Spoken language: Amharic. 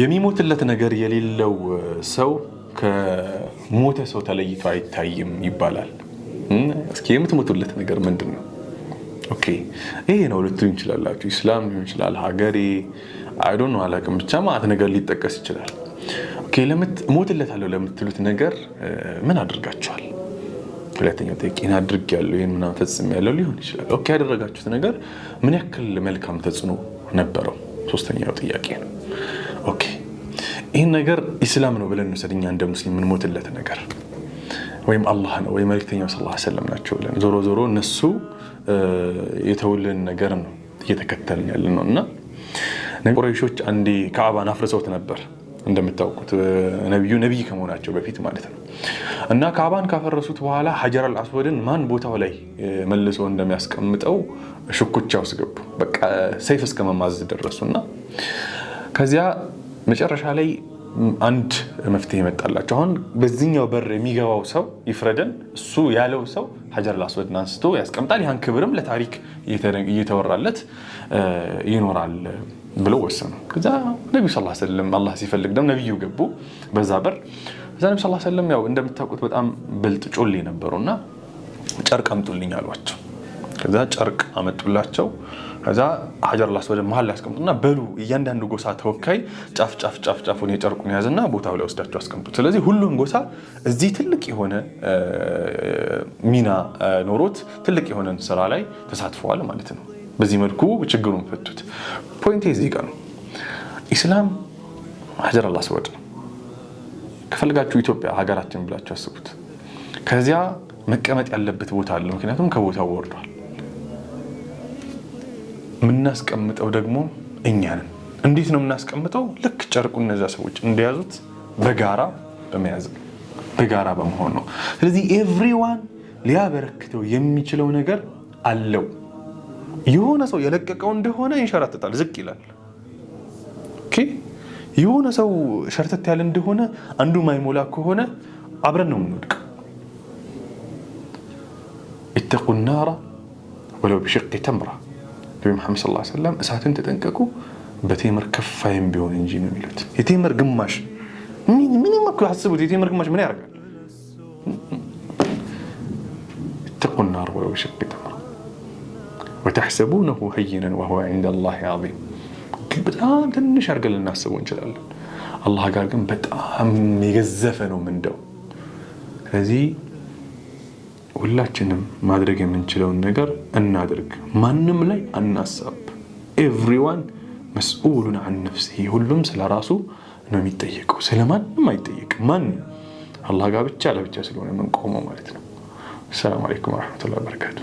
የሚሞትለት ነገር የሌለው ሰው ከሞተ ሰው ተለይቶ አይታይም ይባላል። እስኪ የምትሞቱለት ነገር ምንድን ነው? ኦኬ ይሄ ነው ልትሉ ይችላላችሁ። ኢስላም ሊሆን ይችላል፣ ሀገሬ አይዶ ነው አላውቅም፣ ብቻ ማለት ነገር ሊጠቀስ ይችላል። ኦኬ ሞትለት አለው ለምትሉት ነገር ምን አድርጋችኋል? ሁለተኛው ጠቂን አድርግ ያለው ይህን ምናምን ፈጽም ያለው ሊሆን ይችላል። ኦኬ ያደረጋችሁት ነገር ምን ያክል መልካም ተጽዕኖ ነበረው? ሶስተኛው ጥያቄ ነው። ይህን ነገር ኢስላም ነው ብለን እንውሰድ። እኛ እንደ ሙስሊም የምንሞትለት ነገር ወይም አላህ ነው ወይ መልክተኛው ስ ሰለም ናቸው ብለን ዞሮ ዞሮ እነሱ የተውልን ነገር ነው እየተከተልን ያለ ነው እና ቁረይሾች አንዴ ከአባን አፍርሰውት ነበር እንደምታውቁት ነቢዩ ነቢይ ከመሆናቸው በፊት ማለት ነው። እና ከአባን ካፈረሱት በኋላ ሀጀር አልአስወድን ማን ቦታው ላይ መልሶ እንደሚያስቀምጠው ሽኩቻ ውስጥ ገቡ። በቃ ሰይፍ እስከ ደረሱ እና ከዚያ መጨረሻ ላይ አንድ መፍትሄ መጣላቸው። አሁን በዚህኛው በር የሚገባው ሰው ይፍረደን፣ እሱ ያለው ሰው ሀጀር ላስወድን አንስቶ ያስቀምጣል፣ ያን ክብርም ለታሪክ እየተወራለት ይኖራል ብሎ ወሰኑ። ከዛ ነቢዩ ስላ ዐለይሂ አላህ ሲፈልግ ደግሞ ነቢዩ ገቡ በዛ በር። እዛ ነቢ ስላ ዐለይሂ ያው እንደምታውቁት በጣም ብልጥ ጮሌ ነበሩና ጨርቅ አምጡልኝ አሏቸው። ከዛ ጨርቅ አመጡላቸው። ከዛ ሀጀር ላስ ወደ መሀል ያስቀምጡና በሉ እያንዳንዱ ጎሳ ተወካይ ጫፍ ጫፍ ጫፍ ጫፉን የጨርቁን ያዝና ቦታው ላይ ወስዳቸው አስቀምጡት። ስለዚህ ሁሉም ጎሳ እዚህ ትልቅ የሆነ ሚና ኖሮት ትልቅ የሆነን ስራ ላይ ተሳትፈዋል ማለት ነው። በዚህ መልኩ ችግሩን ፈቱት። ፖይንቴ እዚህ ጋር ነው። ኢስላም ሀጀር ላስ ከፈልጋችሁ ኢትዮጵያ ሀገራችን ብላችሁ አስቡት። ከዚያ መቀመጥ ያለበት ቦታ አለ። ምክንያቱም ከቦታው ወርዷል። የምናስቀምጠው ደግሞ እኛ ነን። እንዴት ነው የምናስቀምጠው? ልክ ጨርቁ እነዚያ ሰዎች እንደያዙት በጋራ በመያዝ በጋራ በመሆን ነው። ስለዚህ ኤቭሪዋን ሊያበረክተው የሚችለው ነገር አለው። የሆነ ሰው የለቀቀው እንደሆነ ይንሸራትታል፣ ዝቅ ይላል። የሆነ ሰው ሸርተት ያለ እንደሆነ አንዱ ማይሞላ ከሆነ አብረን ነው የምንወድቅ። ኢተቁ ናራ ወለው ቢሽቅ ተምራ ነቢዩ መሐመድ ሰለላሁ ዐለይሂ ወሰለም እሳትን ተጠንቀቁ በቴምር ከፋይም ቢሆን እንጂ ነው የሚሉት። የቴምር ግማሽ ምንም እኮ አስቡት፣ የቴምር ግማሽ ምን ያደርጋል? ኢተቁና ወለው ቢሸቅ ተምራ ወተሕሰቡነሁ ሀይነን ወሁወ ዐንደ ላሂ ዐዚም። በጣም ትንሽ አድርገን ልናስበው እንችላለን፣ አላህ ጋር ግን በጣም የገዘፈ ነው ምንደው። ስለዚህ ሁላችንም ማድረግ የምንችለውን ነገር እናድርግ። ማንም ላይ አናሳብ። ኤቭሪዋን መስኡሉን አን ነፍሲሂ፣ ሁሉም ስለ ራሱ ነው የሚጠየቀው፣ ስለ ማንም አይጠየቅም። ማን አላህ ጋር ብቻ ለብቻ ስለሆነ የምንቆመው ማለት ነው። አሰላሙ አለይኩም ወረሕመቱላሂ ወበረካቱ።